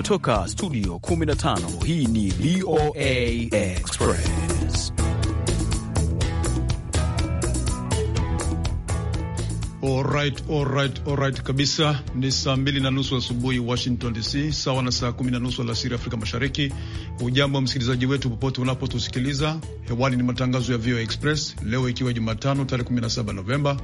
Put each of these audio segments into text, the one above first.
Kutoka studio 15 hii ni VOA Express. Alright, alright, alright kabisa. Ni saa mbili na nusu asubuhi Washington DC, sawa na saa kumi na nusu alasiri Afrika Mashariki. Ujambo wa msikilizaji wetu popote unapotusikiliza hewani, ni matangazo ya VOA Express leo ikiwa Jumatano tarehe 17 Novemba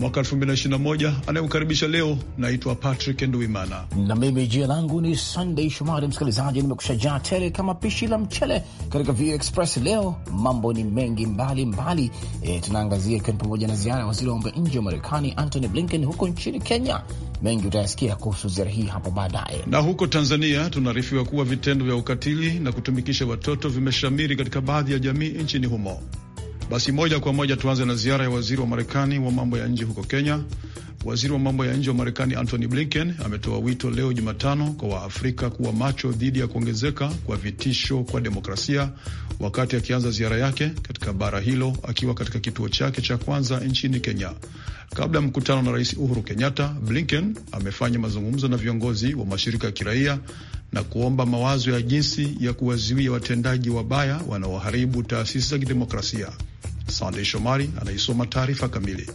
mwaka 2021 anayemkaribisha leo. Naitwa Patrick Nduimana na mimi jina langu ni Sunday Shomari. Msikilizaji, nimekushajaa tele kama pishi la mchele katika VOA Express. Leo mambo ni mengi mbalimbali mbali. E, tunaangazia ikiwa ni pamoja na ziara ya waziri wa mambo ya nje wa Marekani Antony Blinken huko nchini Kenya. Mengi utayasikia kuhusu ziara hii hapo baadaye. Na huko Tanzania tunaarifiwa kuwa vitendo vya ukatili na kutumikisha watoto vimeshamiri katika baadhi ya jamii nchini humo. Basi moja kwa moja tuanze na ziara ya waziri wa Marekani wa mambo ya nje huko Kenya. Waziri wa mambo ya nje wa Marekani Antony Blinken ametoa wito leo Jumatano kwa Waafrika kuwa macho dhidi ya kuongezeka kwa vitisho kwa demokrasia, wakati akianza ziara yake katika bara hilo akiwa katika kituo chake cha kwanza nchini Kenya. Kabla ya mkutano na Rais Uhuru Kenyatta, Blinken amefanya mazungumzo na viongozi wa mashirika ya kiraia na kuomba mawazo ya jinsi ya kuwazuia watendaji wabaya wanaoharibu taasisi za kidemokrasia. Sandey Shomari anaisoma taarifa kamili.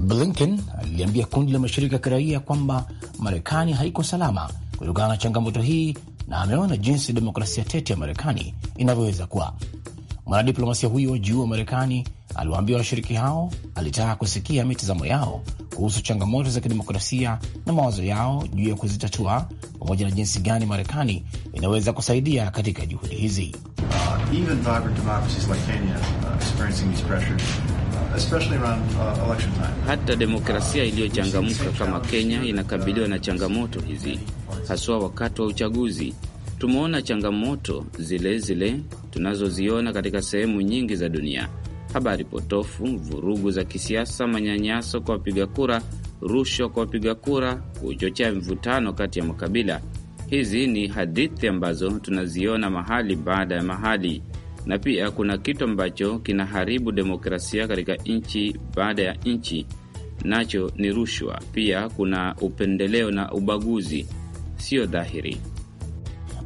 Blinken aliliambia kundi la mashirika ya kiraia kwamba Marekani haiko salama kutokana na changamoto hii na ameona jinsi demokrasia tete ya Marekani inavyoweza kuwa. Mwanadiplomasia huyo wa juu wa Marekani aliwaambia washiriki hao alitaka kusikia mitazamo yao kuhusu changamoto za kidemokrasia na mawazo yao juu ya kuzitatua pamoja na jinsi gani Marekani inaweza kusaidia katika juhudi hizi. Uh, especially around uh, election time. Hata demokrasia iliyochangamka kama Kenya inakabiliwa na changamoto hizi, haswa wakati wa uchaguzi. Tumeona changamoto zile zile tunazoziona katika sehemu nyingi za dunia: habari potofu, vurugu za kisiasa, manyanyaso kwa wapiga kura, rushwa kwa wapiga kura, kuchochea mvutano kati ya makabila. Hizi ni hadithi ambazo tunaziona mahali baada ya mahali na pia kuna kitu ambacho kinaharibu demokrasia katika nchi baada ya nchi, nacho ni rushwa. Pia kuna upendeleo na ubaguzi, siyo dhahiri.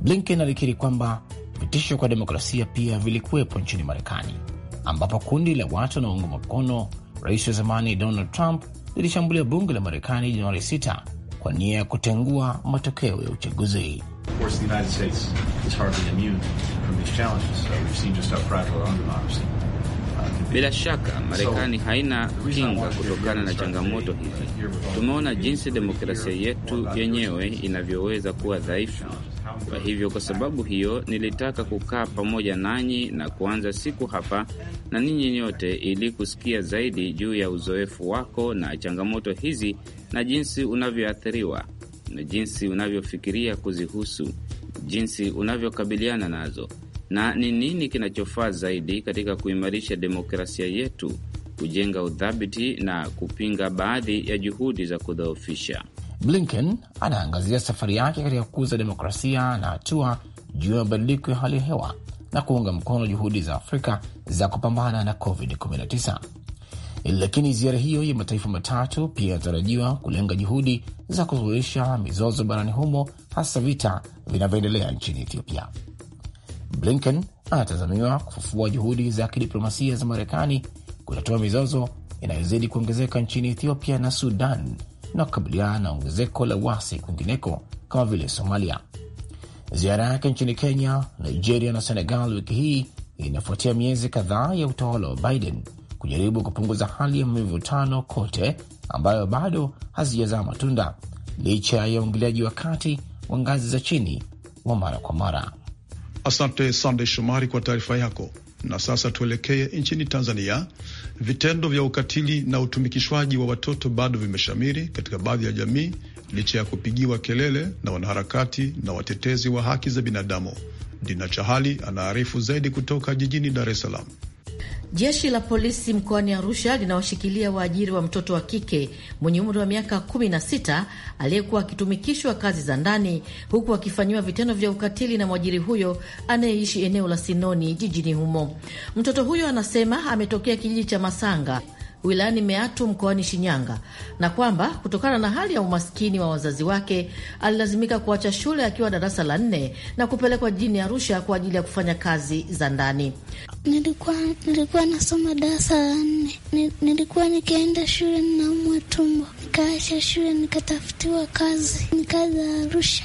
Blinken alikiri kwamba vitisho kwa demokrasia pia vilikuwepo nchini Marekani, ambapo kundi la watu wanaounga mkono rais wa zamani Donald Trump lilishambulia bunge la Marekani Januari 6 kwa nia ya kutengua matokeo ya uchaguzi course, the United States is hardly immune from these challenges. So we've seen just how fragile our own democracy uh, bila shaka Marekani haina kinga kutokana na changamoto hizi. Tumeona jinsi demokrasia yetu yenyewe inavyoweza kuwa dhaifu. Kwa hivyo, kwa sababu hiyo, nilitaka kukaa pamoja nanyi na kuanza siku hapa na ninyi nyote, ili kusikia zaidi juu ya uzoefu wako na changamoto hizi na jinsi unavyoathiriwa na jinsi unavyofikiria kuzihusu, jinsi unavyokabiliana nazo na ni nini kinachofaa zaidi katika kuimarisha demokrasia yetu, kujenga udhabiti na kupinga baadhi ya juhudi za kudhoofisha. Blinken anaangazia safari yake katika kukuza demokrasia na hatua juu ya mabadiliko ya hali ya hewa na kuunga mkono juhudi za Afrika za kupambana na COVID-19. Lakini ziara hiyo ya mataifa matatu pia inatarajiwa kulenga juhudi za kusuluhisha mizozo barani humo, hasa vita vinavyoendelea nchini Ethiopia. Blinken anatazamiwa kufufua juhudi za kidiplomasia za Marekani kutatua mizozo inayozidi kuongezeka nchini Ethiopia na Sudan na kukabiliana na ongezeko la wasi kwingineko kama vile Somalia. Ziara yake nchini Kenya, Nigeria na Senegal wiki hii inafuatia miezi kadhaa ya utawala wa Biden kujaribu kupunguza hali ya mivutano kote ambayo bado hazijazaa matunda licha ya uingiliaji wa kati wa ngazi za chini wa mara kwa mara. Asante Sandey Shomari kwa taarifa yako. Na sasa tuelekee nchini Tanzania. Vitendo vya ukatili na utumikishwaji wa watoto bado vimeshamiri katika baadhi ya jamii licha ya kupigiwa kelele na wanaharakati na watetezi wa haki za binadamu. Dina Chahali anaarifu zaidi kutoka jijini Dar es Salaam. Jeshi la polisi mkoani Arusha linawashikilia waajiri wa mtoto wa kike mwenye umri wa miaka 16 aliyekuwa akitumikishwa kazi za ndani huku akifanyiwa vitendo vya ukatili na mwajiri huyo anayeishi eneo la Sinoni jijini humo. Mtoto huyo anasema ametokea kijiji cha Masanga wilayani Meatu mkoani Shinyanga na kwamba kutokana na hali ya umaskini wa wazazi wake alilazimika kuacha shule akiwa darasa la nne na kupelekwa jijini Arusha kwa ajili ya kufanya kazi za ndani nilikuwa nilikuwa nasoma darasa la nne. Nilikuwa nikienda shule ninaumwa tumbo, nikaacha shule nikatafutiwa kazi, nikaza Arusha.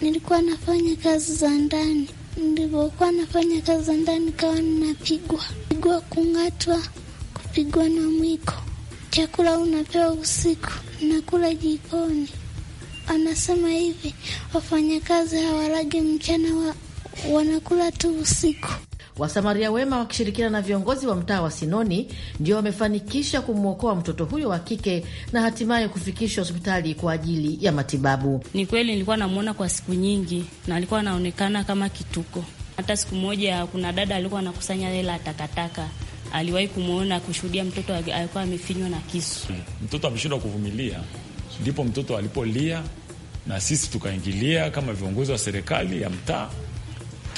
Nilikuwa nafanya kazi za ndani, nilivyokuwa nafanya kazi za ndani kawa ninapigwa pigwa, kung'atwa, kupigwa na mwiko. Chakula unapewa usiku, nakula jikoni. Anasema hivi, wafanyakazi hawalagi mchana wa, wanakula tu usiku. Wasamaria wema wakishirikiana na viongozi wa mtaa wa Sinoni ndio wamefanikisha kumwokoa mtoto huyo wa kike na hatimaye kufikishwa hospitali kwa ajili ya matibabu. Ni kweli nilikuwa namwona kwa siku nyingi na alikuwa anaonekana kama kituko. Hata siku moja kuna dada alikuwa anakusanya hela takataka, aliwahi kumwona kushuhudia mtoto alikuwa amefinywa na kisu. Hmm. Mtoto ameshindwa kuvumilia, ndipo mtoto alipolia na sisi tukaingilia kama viongozi wa serikali ya mtaa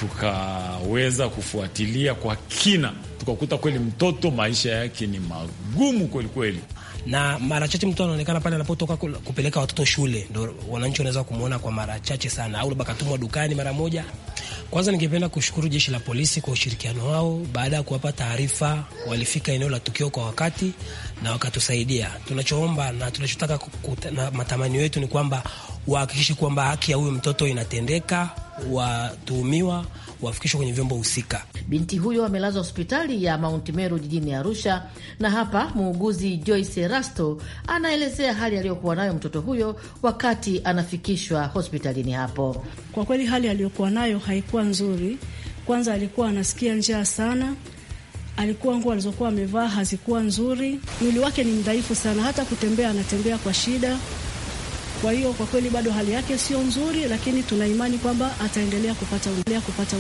tukaweza kufuatilia kwa kina, tukakuta kweli mtoto maisha yake ni magumu kweli kweli na mara chache mtu anaonekana pale anapotoka kupeleka watoto shule, ndo wananchi wanaweza kumwona kwa mara chache sana, au labda katumwa dukani mara moja. Kwanza ningependa kushukuru jeshi la polisi kwa ushirikiano wao. Baada ya kuwapa taarifa, walifika eneo la tukio kwa wakati na wakatusaidia. Tunachoomba na tunachotaka na matamanio yetu ni kwamba wahakikishe kwamba haki ya huyu mtoto inatendeka watuhumiwa wafikishwa kwenye vyombo husika. Binti huyo amelazwa hospitali ya Mount Meru jijini Arusha, na hapa muuguzi Joyce Erasto anaelezea hali aliyokuwa nayo mtoto huyo wakati anafikishwa hospitalini hapo. Kwa kweli hali aliyokuwa nayo haikuwa nzuri. Kwanza alikuwa anasikia njaa sana, alikuwa nguo alizokuwa amevaa hazikuwa nzuri, mwili wake ni mdhaifu sana, hata kutembea anatembea kwa shida kwa hiyo kwa kweli bado hali yake sio nzuri, lakini tuna imani kwamba ataendelea kupata, kupata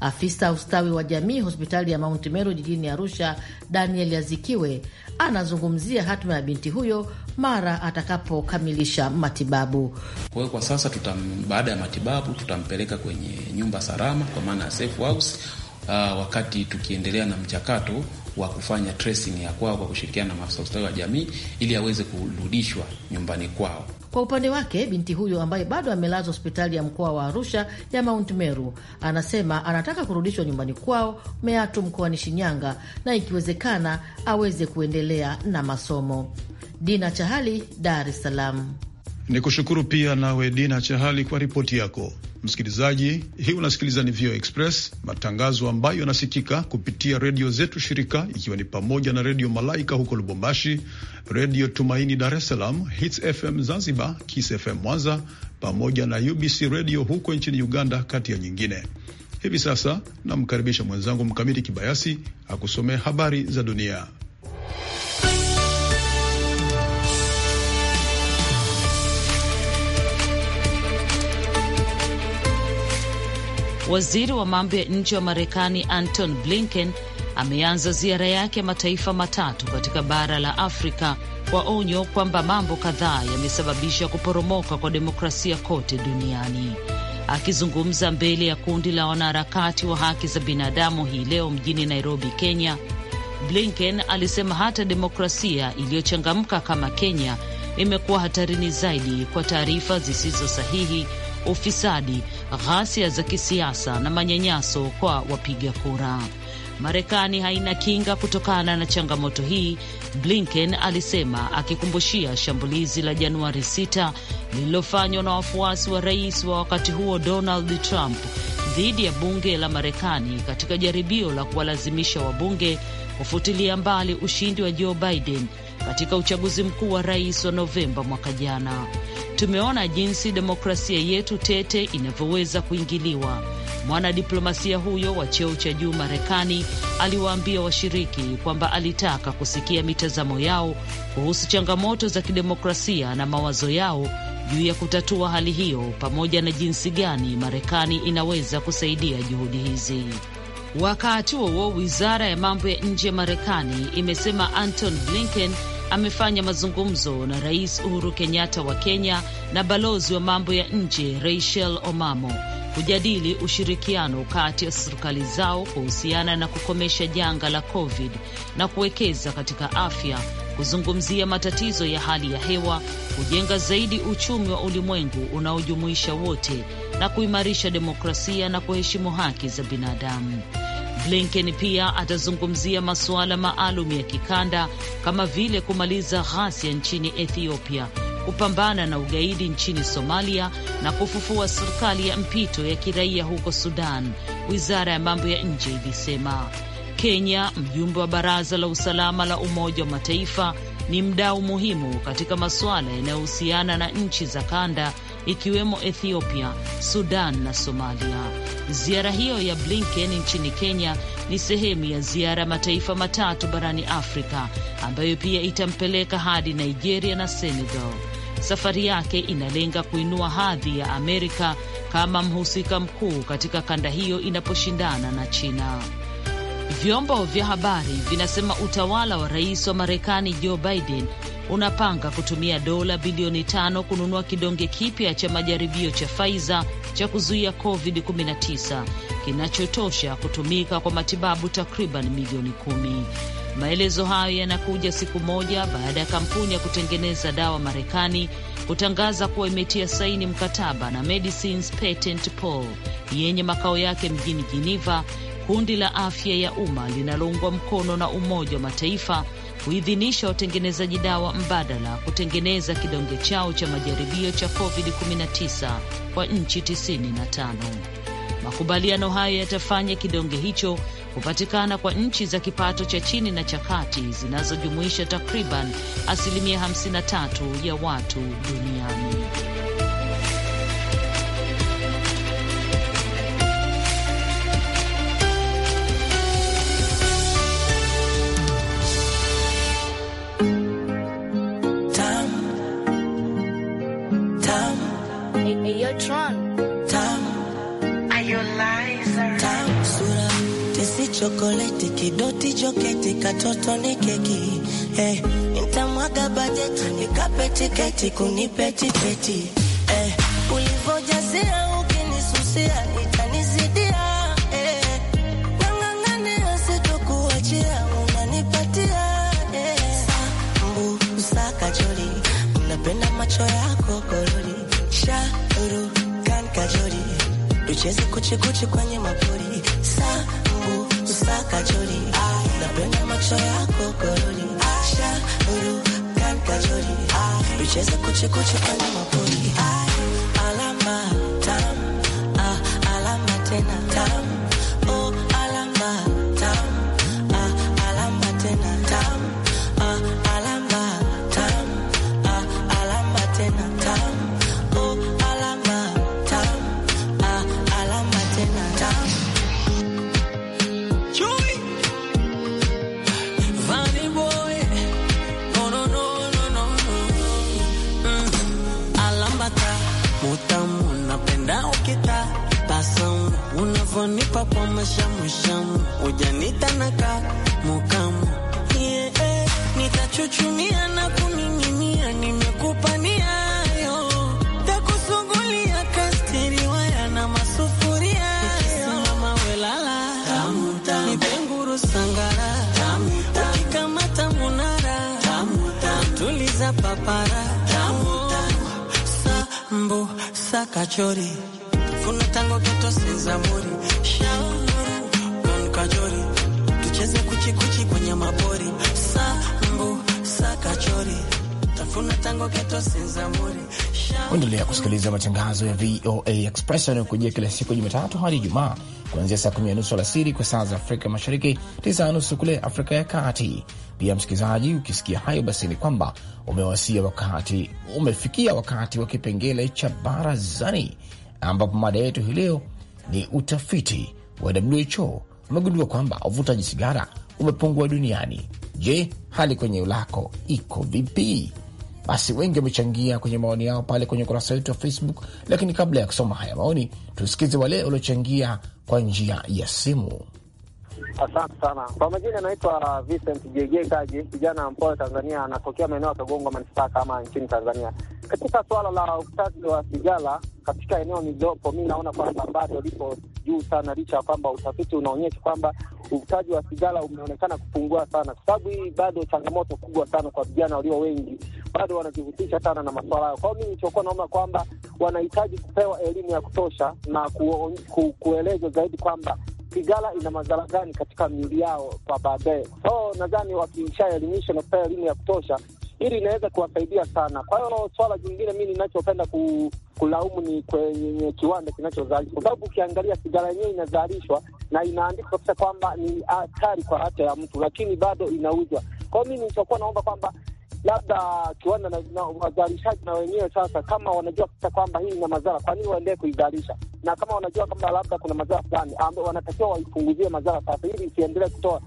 Afisa ustawi wa jamii hospitali ya Mount Meru jijini Arusha, Daniel Azikiwe anazungumzia hatima ya binti huyo mara atakapokamilisha matibabu. Kwa hiyo kwa sasa tutam, baada ya matibabu tutampeleka kwenye nyumba salama, kwa maana ya safe house, uh, wakati tukiendelea na mchakato wa kufanya tracing ya kwao kwa kushirikiana na maafisa ustawi wa jamii ili aweze kurudishwa nyumbani kwao. Kwa upande wake binti huyo ambaye bado amelazwa hospitali ya mkoa wa Arusha ya Mount Meru anasema anataka kurudishwa nyumbani kwao Meatu mkoani Shinyanga, na ikiwezekana aweze kuendelea na masomo. Dina Chahali, Dar es Salaam. Ni kushukuru pia nawe Dina Chahali kwa ripoti yako. Msikilizaji, hii unasikiliza ni VOA Express, matangazo ambayo yanasikika kupitia redio zetu shirika, ikiwa ni pamoja na Redio Malaika huko Lubumbashi, Redio Tumaini Dar es Salaam, Hits FM Zanzibar, Kiss FM Mwanza, pamoja na UBC redio huko nchini Uganda, kati ya nyingine. Hivi sasa namkaribisha mwenzangu Mkamiti Kibayasi akusomea habari za dunia. Waziri wa mambo ya nje wa Marekani Anton Blinken ameanza ziara yake ya mataifa matatu katika bara la Afrika kwa onyo kwamba mambo kadhaa yamesababisha kuporomoka kwa demokrasia kote duniani. Akizungumza mbele ya kundi la wanaharakati wa haki za binadamu hii leo mjini Nairobi, Kenya, Blinken alisema hata demokrasia iliyochangamka kama Kenya imekuwa hatarini zaidi kwa taarifa zisizo sahihi ufisadi, ghasia za kisiasa na manyanyaso kwa wapiga kura. Marekani haina kinga kutokana na changamoto hii, Blinken alisema, akikumbushia shambulizi la Januari 6 lililofanywa na wafuasi wa rais wa wakati huo Donald Trump dhidi ya bunge la Marekani katika jaribio la kuwalazimisha wabunge kufutilia mbali ushindi wa Joe Biden katika uchaguzi mkuu wa rais wa Novemba mwaka jana. Tumeona jinsi demokrasia yetu tete inavyoweza kuingiliwa, mwanadiplomasia huyo wa cheo cha juu Marekani aliwaambia washiriki kwamba alitaka kusikia mitazamo yao kuhusu changamoto za kidemokrasia na mawazo yao juu ya kutatua hali hiyo pamoja na jinsi gani Marekani inaweza kusaidia juhudi hizi. Wakati huo, wizara ya mambo ya nje ya Marekani imesema Anton Blinken amefanya mazungumzo na Rais Uhuru Kenyatta wa Kenya na balozi wa mambo ya nje Rachel Omamo kujadili ushirikiano kati ya serikali zao kuhusiana na kukomesha janga la COVID na kuwekeza katika afya, kuzungumzia matatizo ya hali ya hewa, kujenga zaidi uchumi wa ulimwengu unaojumuisha wote na kuimarisha demokrasia na kuheshimu haki za binadamu. Blinken pia atazungumzia masuala maalum ya kikanda kama vile kumaliza ghasia nchini Ethiopia, kupambana na ugaidi nchini Somalia na kufufua serikali ya mpito ya kiraia huko Sudan, wizara ya mambo ya nje ilisema. Kenya, mjumbe wa baraza la usalama la Umoja wa Mataifa, ni mdau muhimu katika masuala yanayohusiana na nchi za kanda ikiwemo Ethiopia, Sudan na Somalia. Ziara hiyo ya Blinken nchini Kenya ni sehemu ya ziara ya mataifa matatu barani Afrika ambayo pia itampeleka hadi Nigeria na Senegal. Safari yake inalenga kuinua hadhi ya Amerika kama mhusika mkuu katika kanda hiyo inaposhindana na China. Vyombo vya habari vinasema utawala wa rais wa Marekani Joe Biden unapanga kutumia dola bilioni tano kununua kidonge kipya cha majaribio cha Pfizer cha kuzuia COVID-19 kinachotosha kutumika kwa matibabu takriban milioni kumi. Maelezo hayo yanakuja siku moja baada ya kampuni ya kutengeneza dawa Marekani kutangaza kuwa imetia saini mkataba na Medicines Patent Pool yenye makao yake mjini Geneva kundi la afya ya umma linaloungwa mkono na Umoja wa Mataifa kuidhinisha watengenezaji dawa mbadala kutengeneza kidonge chao cha majaribio cha COVID-19 kwa nchi 95. Makubaliano hayo yatafanya kidonge hicho kupatikana kwa nchi za kipato cha chini na cha kati zinazojumuisha takriban asilimia 53 ya watu duniani. kidoti joketi katoto ni keki eh, nitamwaga bajeti nikape tiketi kunipe tiketi eh, ulivojazia ukinisusia itanizidia eh, nang'ang'ania sitokuachia unanipatia eh, mbusa kajoli unapenda macho yako kololi sharukan kajoli tucheze kuchikuchi kwenye mapori kachori, napenda macho yako koroni, shauru kan kachori, micheza ah. kuchekuche kwenye mapori ah. alama kachori kuna tango geto sinzamuri shauru kon kachori tucheze kuchi kuchi kwenye mabori sambu sa kachori tafuna tango geto sinzamuri Endelea kusikiliza matangazo ya VOA Express yanayokujia kila siku ya Jumatatu hadi Ijumaa, kuanzia saa kumi na nusu alasiri kwa saa za Afrika Mashariki, tisa na nusu kule Afrika ya Kati. Pia msikilizaji, ukisikia hayo, basi ni kwamba umewasia wakati, umefikia wakati wa kipengele cha barazani, ambapo mada yetu hii leo ni utafiti wa WHO umegundua kwamba uvutaji sigara umepungua duniani. Je, hali kwenye ulako iko vipi? Basi wengi wamechangia kwenye maoni yao pale kwenye ukurasa wetu wa Facebook, lakini kabla ya kusoma haya maoni, tusikize wale waliochangia kwa njia ya simu. Asante sana kwa majina, anaitwa Vincent JJ Kaji, kijana mpole Tanzania, anatokea maeneo ya Kagongo manispaa kama nchini Tanzania. Katika suala la ukataji wa sigara katika eneo nililopo mi naona kwamba bado lipo juu sana, licha ya kwamba utafiti unaonyesha kwamba uvutaji wa sigara umeonekana kupungua sana, kwa sababu hii bado changamoto kubwa sana kwa vijana walio wengi bado wanajihusisha sana na masuala hayo. Kwa hiyo mimi naona kwamba wanahitaji kupewa elimu ya kutosha na ku, ku, kuelezwa zaidi kwamba sigara ina madhara gani katika miili yao kwa baadaye. So nadhani wakishaelimisha na kupewa elimu ya kutosha hili inaweza kuwasaidia sana. Kwa hiyo swala jingine mi ninachopenda ku, kulaumu ni kwenye kiwanda kinachozalisha, kwa sababu ukiangalia sigara yenyewe inazalishwa na inaandikwa kabisa kwamba ni hatari kwa afya ya mtu, lakini bado inauzwa. Kwa hiyo mi nilichokuwa naomba kwamba labda kiwanda na, na wazalishaji na wenyewe sasa, kama wanajua kabisa kwamba hii ina madhara, kwa nini waendelee kuizalisha? Na kama wanajua kwamba labda kuna madhara fulani ambayo wanatakiwa waipunguzie madhara sasa, ili isiendelee kutoa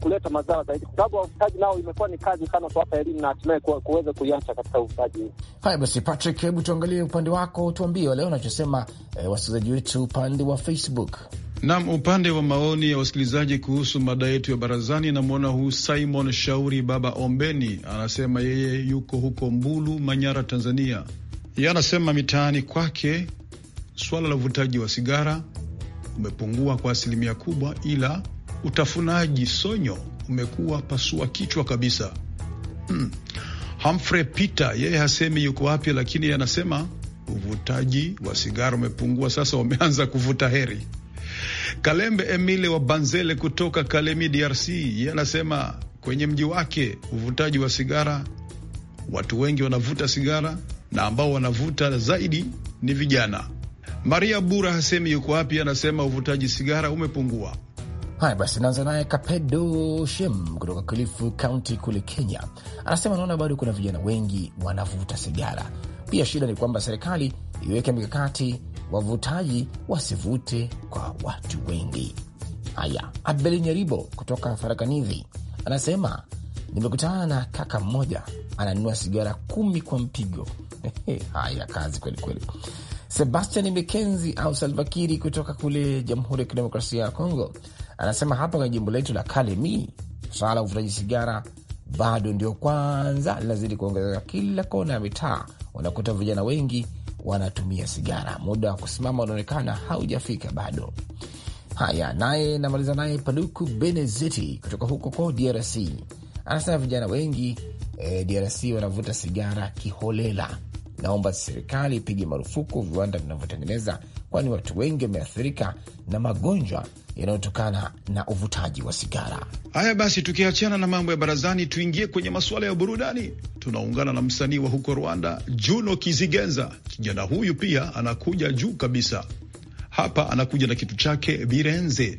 kuleta madhara zaidi, kwa sababu wafugaji nao imekuwa ni kazi sana kuwapa elimu na hatimaye kuweza kuiacha katika uvutaji huu. Haya basi, Patrick, hebu tuangalie upande wako, tuambie leo unachosema eh, wasikilizaji wetu upande wa Facebook. Nam upande wa maoni ya wasikilizaji kuhusu mada yetu ya barazani, namwona huu Simon Shauri Baba Ombeni anasema yeye yuko huko Mbulu, Manyara, Tanzania. Yeye anasema mitaani kwake swala la uvutaji wa sigara umepungua kwa asilimia kubwa, ila utafunaji sonyo umekuwa pasua kichwa kabisa. Hmm. Humphrey Peter yeye hasemi yuko wapi, lakini anasema uvutaji wa sigara umepungua, sasa wameanza kuvuta heri. Kalembe Emile wa Banzele kutoka Kalemi, DRC, yeye anasema kwenye mji wake uvutaji wa sigara, watu wengi wanavuta sigara na ambao wanavuta zaidi ni vijana. Maria Bura hasemi yuko wapi, anasema uvutaji sigara umepungua. Haya basi, naanza naye Kapedo Shem kutoka Kilifi Kaunti kule Kenya, anasema anaona bado kuna vijana wengi wanavuta sigara. Pia shida ni kwamba serikali iweke mikakati wavutaji wasivute kwa watu wengi. Haya, Abeli Nyeribo kutoka Farakanidhi anasema nimekutana na kaka mmoja ananunua sigara kumi kwa mpigo. Haya, kazi kwelikweli. Sebastian Mikenzi au Salvakiri kutoka kule Jamhuri ya Kidemokrasia ya Kongo anasema hapa kwenye jimbo letu la Kalemi swala la uvutaji sigara bado ndio kwanza linazidi kuongezeka. Kila kona ya mitaa wanakuta vijana wengi wanatumia sigara. Muda wa kusimama unaonekana haujafika bado. Haya, naye namaliza naye Paluku Benezeti kutoka huko ko DRC anasema vijana wengi e, eh, DRC wanavuta sigara kiholela. Naomba serikali ipige marufuku viwanda vinavyotengeneza, kwani watu wengi wameathirika na magonjwa yanayotokana na uvutaji wa sigara. Haya basi, tukiachana na mambo ya barazani, tuingie kwenye masuala ya burudani. Tunaungana na msanii wa huko Rwanda, Juno Kizigenza. Kijana huyu pia anakuja juu kabisa hapa, anakuja na kitu chake Birenze.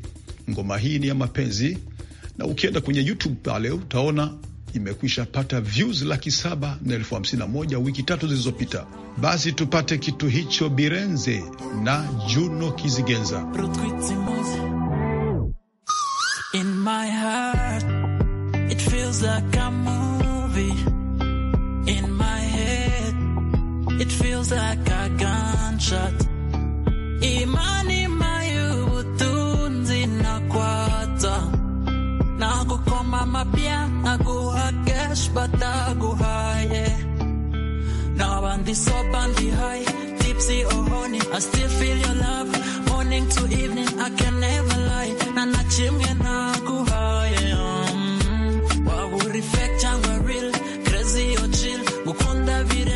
Ngoma hii ni ya mapenzi, na ukienda kwenye YouTube pale utaona imekwisha pata views laki saba na elfu hamsini na moja wiki tatu zilizopita. Basi tupate kitu hicho Birenze na Juno Kizigenza. feels like a gunshot. Imani na kwata na kukoma na na bandi so bandi hai tipsy I still feel your love morning to evening I can never lie na na kuhaye um, real crazy or chill vire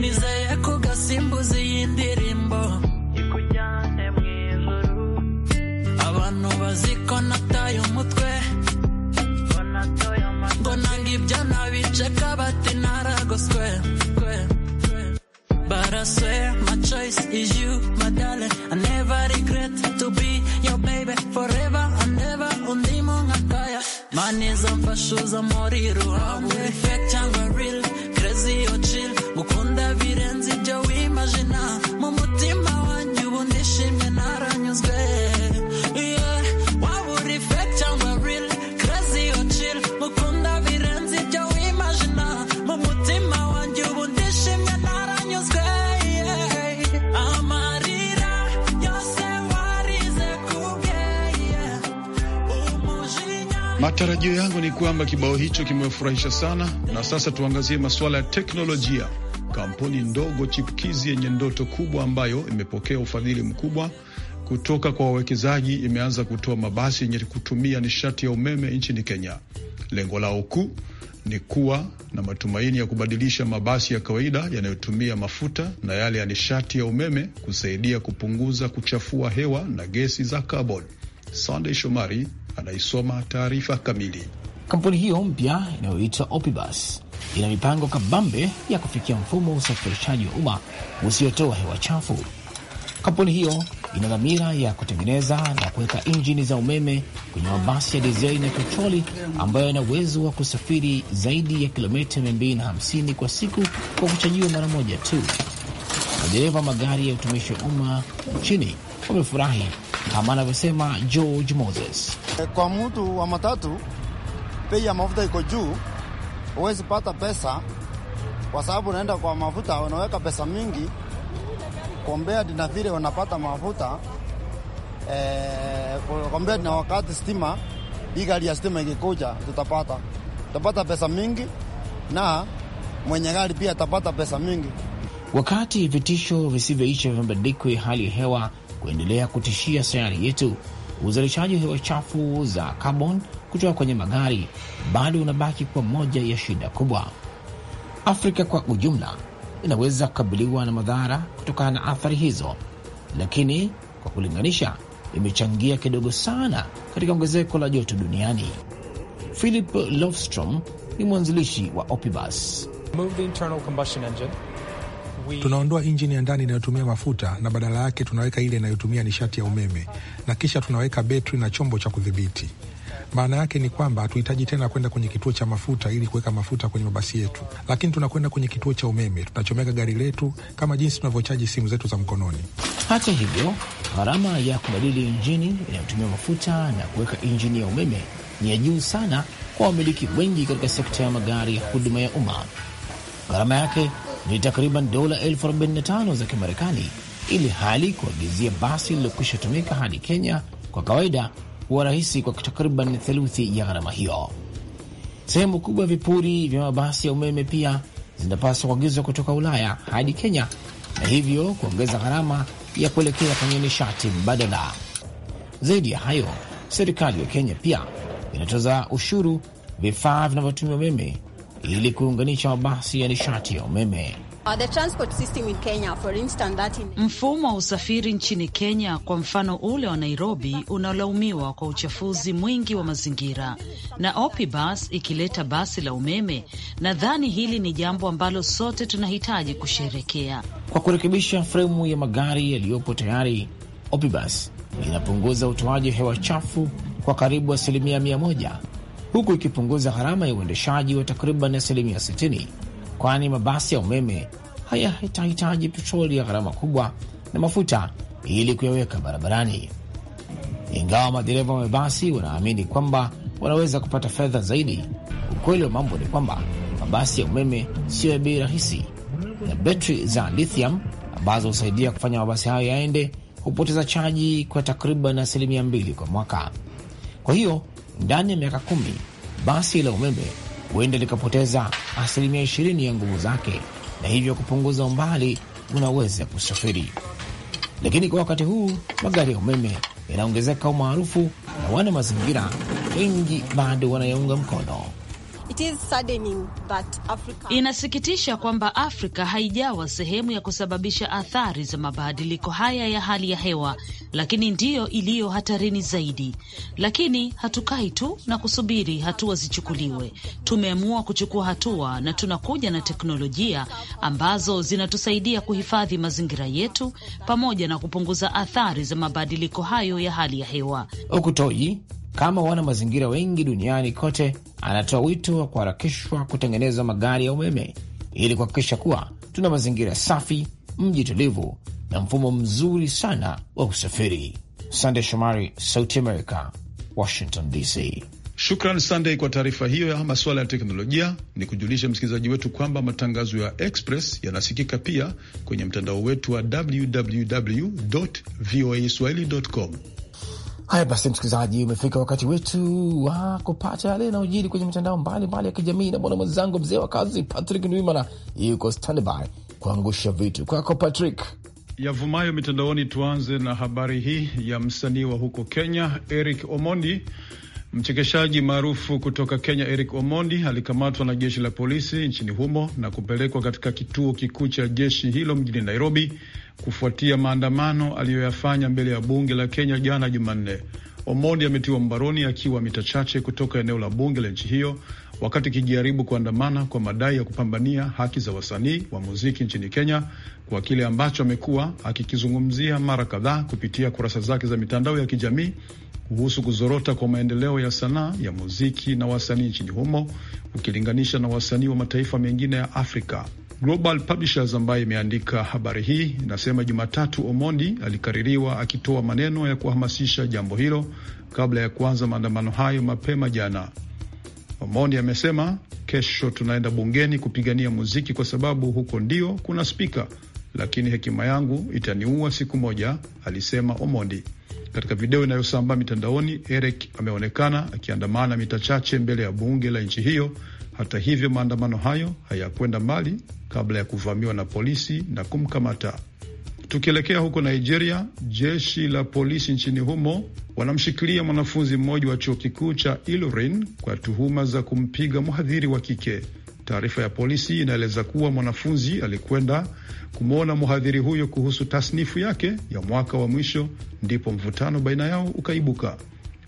ko yako gasimbuzi y'indirimbo ikujyane mu ijuru abantu bazi ko nataye umutwe mbona ngibyo nabiceka bati naragoswe But I swear my choice is you, my darling. I never regret to be your baby forever and ever. Undi mungakaya maniza mfashuza muri ruhabu fake cyangwa real crazy ocho Matarajio yangu ni kwamba kibao hicho kimewafurahisha sana, na sasa tuangazie masuala ya teknolojia. Kampuni ndogo chipkizi yenye ndoto kubwa ambayo imepokea ufadhili mkubwa kutoka kwa wawekezaji imeanza kutoa mabasi yenye kutumia nishati ya umeme nchini Kenya. Lengo lao kuu ni kuwa na matumaini ya kubadilisha mabasi ya kawaida yanayotumia mafuta na yale ya nishati ya umeme kusaidia kupunguza kuchafua hewa na gesi za carbon. Sandey Shomari anaisoma taarifa kamili. Kampuni hiyo mpya inayoitwa Opibus ina mipango kabambe ya kufikia mfumo wa usafirishaji wa umma usiotoa hewa chafu. Kampuni hiyo ina dhamira ya kutengeneza na kuweka injini za umeme kwenye mabasi ya dizeli na petroli ambayo yana uwezo wa kusafiri zaidi ya kilomita 250 kwa siku kwa kuchajiwa mara moja tu. Madereva magari ya utumishi wa umma nchini wamefurahi kama anavyosema George Moses. Eh, kwa mtu wa matatu, bei ya mafuta iko juu, huwezi pata pesa kwa sababu unaenda kwa mafuta, unaweka pesa mingi kombea dina vile unapata mafuta eh, kombea dina wakati stima hii gari ya stima ikikuja, tutapata tutapata pesa mingi na mwenye gari pia atapata pesa mingi. Wakati vitisho visivyoisha vimebadikwa hali ya hewa kuendelea kutishia sayari yetu, uzalishaji wa hewa chafu za kabon kutoka kwenye magari bado unabaki kwa moja ya shida kubwa. Afrika kwa ujumla inaweza kukabiliwa na madhara kutokana na athari hizo, lakini kwa kulinganisha, imechangia kidogo sana katika ongezeko la joto duniani. Philip Lofstrom ni mwanzilishi wa Opibus. Move the internal combustion engine. Tunaondoa injini ya ndani inayotumia mafuta na badala yake tunaweka ile inayotumia nishati ya umeme, na kisha tunaweka betri na chombo cha kudhibiti. Maana yake ni kwamba hatuhitaji tena kwenda kwenye kituo cha mafuta ili kuweka mafuta kwenye mabasi yetu, lakini tunakwenda kwenye kituo cha umeme, tunachomeka gari letu kama jinsi tunavyochaji simu zetu za mkononi. Hata hivyo, gharama ya kubadili injini inayotumia mafuta na kuweka injini ya umeme ni ya juu sana kwa wamiliki wengi katika sekta ya magari ya huduma ya umma. Gharama yake ni takriban dola elfu arobaini na tano za Kimarekani, ili hali kuagizia basi lililokwisha tumika hadi Kenya kwa kawaida huwa rahisi kwa takriban theluthi ya gharama hiyo. Sehemu kubwa ya vipuri vya mabasi ya umeme pia zinapaswa kuagizwa kutoka Ulaya hadi Kenya na hivyo kuongeza gharama ya kuelekea kwenye nishati mbadala. Zaidi ya hayo, serikali ya Kenya pia inatoza ushuru vifaa vinavyotumia umeme ili kuunganisha mabasi ya nishati ya umeme. Uh, in mfumo wa usafiri nchini Kenya kwa mfano ule wa Nairobi unalaumiwa kwa uchafuzi mwingi wa mazingira, na Opibus ikileta basi la umeme, nadhani hili ni jambo ambalo sote tunahitaji kusherekea. Kwa kurekebisha fremu ya magari yaliyopo tayari, Opibus inapunguza utoaji hewa chafu kwa karibu asilimia mia moja huku ikipunguza gharama ya uendeshaji wa takriban asilimia 60, kwani mabasi ya umeme hayatahitaji petroli ya gharama kubwa na mafuta ili kuyaweka barabarani. Ingawa madereva wa mabasi wanaamini kwamba wanaweza kupata fedha zaidi, ukweli wa mambo ni kwamba mabasi ya umeme siyo ya bei rahisi, na betri za lithium ambazo husaidia kufanya mabasi hayo yaende hupoteza chaji kwa takriban asilimia mbili kwa mwaka. Kwa hiyo ndani ya miaka kumi, basi la umeme huenda likapoteza asilimia ishirini ya nguvu zake na hivyo kupunguza umbali unaweza kusafiri. Lakini kwa wakati huu magari ya umeme yanaongezeka umaarufu na wana mazingira wengi bado wanayaunga mkono. It is saddening Africa... Inasikitisha kwamba Afrika haijawa sehemu ya kusababisha athari za mabadiliko haya ya hali ya hewa, lakini ndiyo iliyo hatarini zaidi. Lakini hatukai tu na kusubiri hatua zichukuliwe. Tumeamua kuchukua hatua na tunakuja na teknolojia ambazo zinatusaidia kuhifadhi mazingira yetu pamoja na kupunguza athari za mabadiliko hayo ya hali ya hewa kama wana mazingira wengi duniani kote. Anatoa wito wa kuharakishwa kutengeneza magari ya umeme ili kuhakikisha kuwa tuna mazingira safi, mji tulivu na mfumo mzuri sana wa usafiri. Sande Shomari, Sauti America, Washington DC. Shukran Sandey kwa taarifa hiyo ya masuala ya teknolojia. Ni kujulisha msikilizaji wetu kwamba matangazo ya Express yanasikika pia kwenye mtandao wetu wa www voa swahili com. Haya basi, msikilizaji, umefika wakati wetu wa kupata yale yanayojiri kwenye mitandao mbalimbali ya kijamii, na bwana mwenzangu mzee wa kazi Patrick Ndwimana yuko standby kuangusha vitu kwako, Patrick. Yavumayo mitandaoni, tuanze na habari hii ya msanii wa huko Kenya Eric Omondi. Mchekeshaji maarufu kutoka Kenya Eric Omondi alikamatwa na jeshi la polisi nchini humo na kupelekwa katika kituo kikuu cha jeshi hilo mjini Nairobi kufuatia maandamano aliyoyafanya mbele ya bunge la Kenya jana Jumanne. Omondi ametiwa mbaroni akiwa mita chache kutoka eneo la bunge la nchi hiyo wakati ikijaribu kuandamana kwa, kwa madai ya kupambania haki za wasanii wa muziki nchini Kenya kwa kile ambacho amekuwa akikizungumzia mara kadhaa kupitia kurasa zake za mitandao ya kijamii kuhusu kuzorota kwa maendeleo ya sanaa ya muziki na wasanii nchini humo ukilinganisha na wasanii wa mataifa mengine ya Afrika. Global Publishers ambaye imeandika habari hii inasema Jumatatu Omondi alikaririwa akitoa maneno ya kuhamasisha jambo hilo kabla ya kuanza maandamano hayo mapema jana. Omondi amesema, kesho tunaenda bungeni kupigania muziki kwa sababu huko ndio kuna spika, lakini hekima yangu itaniua siku moja, alisema Omondi. Katika video inayosambaa mitandaoni, Eric ameonekana akiandamana mita chache mbele ya bunge la nchi hiyo hata hivyo, maandamano hayo hayakwenda mbali kabla ya kuvamiwa na polisi na kumkamata. Tukielekea huko Nigeria, jeshi la polisi nchini humo wanamshikilia mwanafunzi mmoja wa chuo kikuu cha Ilorin kwa tuhuma za kumpiga mhadhiri wa kike. Taarifa ya polisi inaeleza kuwa mwanafunzi alikwenda kumwona mhadhiri huyo kuhusu tasnifu yake ya mwaka wa mwisho, ndipo mvutano baina yao ukaibuka.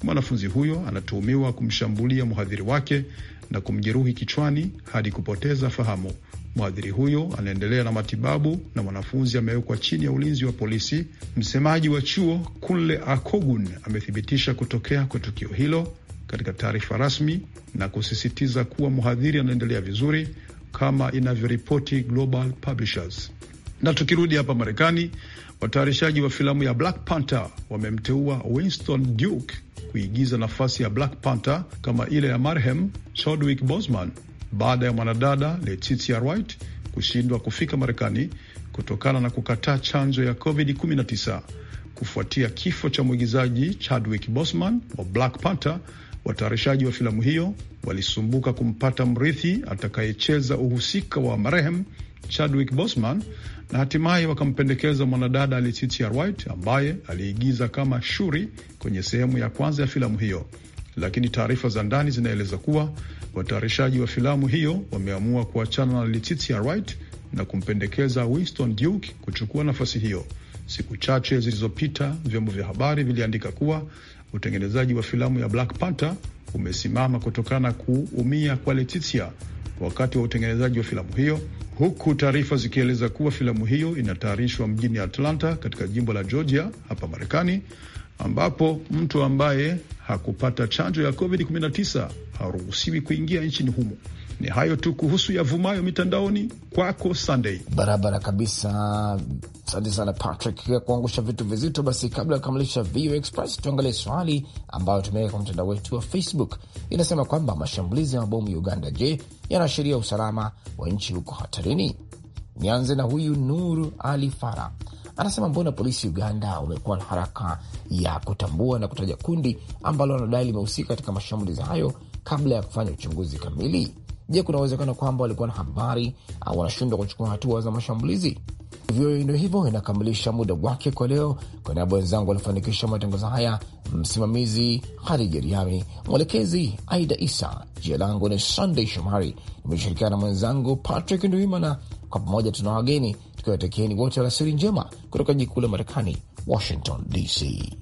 Mwanafunzi huyo anatuhumiwa kumshambulia mhadhiri wake na kumjeruhi kichwani hadi kupoteza fahamu. Mhadhiri huyo anaendelea na matibabu na mwanafunzi amewekwa chini ya ulinzi wa polisi. Msemaji wa chuo Kunle Akogun amethibitisha kutokea kwa tukio hilo katika taarifa rasmi na kusisitiza kuwa mhadhiri anaendelea vizuri kama inavyoripoti Global Publishers. Na tukirudi hapa Marekani, Watayarishaji wa filamu ya Black Panther wamemteua Winston Duke kuigiza nafasi ya Black Panther kama ile ya marhem Chadwick Boseman baada ya mwanadada Letitia Wright kushindwa kufika Marekani kutokana na kukataa chanjo ya COVID-19 kufuatia kifo cha mwigizaji Chadwick Boseman wa Black Panther Watayarishaji wa filamu hiyo walisumbuka kumpata mrithi atakayecheza uhusika wa marehemu Chadwick Boseman na hatimaye wakampendekeza mwanadada Letitia Wright ambaye aliigiza kama Shuri kwenye sehemu ya kwanza ya filamu hiyo, lakini taarifa za ndani zinaeleza kuwa watayarishaji wa filamu hiyo wameamua kuachana na Letitia Wright na kumpendekeza Winston Duke kuchukua nafasi hiyo. Siku chache zilizopita vyombo vya habari viliandika kuwa Utengenezaji wa filamu ya Black Panther umesimama kutokana kuumia kwa Letitia wakati wa utengenezaji wa filamu hiyo, huku taarifa zikieleza kuwa filamu hiyo inatayarishwa mjini Atlanta katika jimbo la Georgia hapa Marekani, ambapo mtu ambaye hakupata chanjo ya COVID-19 haruhusiwi kuingia nchini humo. Ni hayo tu kuhusu yavumayo mitandaoni. Kwako Sunday. Barabara kabisa, asante sana Patrick ya kuangusha vitu vizito. Basi kabla ya kukamilisha VOA Express, tuangalie swali ambayo tumeweka kwa mtandao wetu wa Facebook. Inasema kwamba mashambulizi ya mabomu ya Uganda, je, yanaashiria usalama wa nchi huko hatarini? Nianze na huyu nur Ali Fara anasema mbona polisi Uganda umekuwa na haraka ya kutambua na kutaja kundi ambalo wanadai limehusika katika mashambulizi hayo kabla ya kufanya uchunguzi kamili? Je, kuna uwezekano kwamba walikuwa na habari au wanashindwa kuchukua hatua za mashambulizi? Hivyo ndio hivyo, inakamilisha muda wake kwa leo. Kwa niaba wenzangu walifanikisha matangazo haya, msimamizi Hadija Riami, mwelekezi Aida Isa. Jina langu ni Sandey Shomari, nimeshirikiana na mwenzangu Patrick Nduimana. Kwa pamoja tuna wageni tukiwatakieni wote alasiri njema kutoka jikuu la Marekani, Washington DC.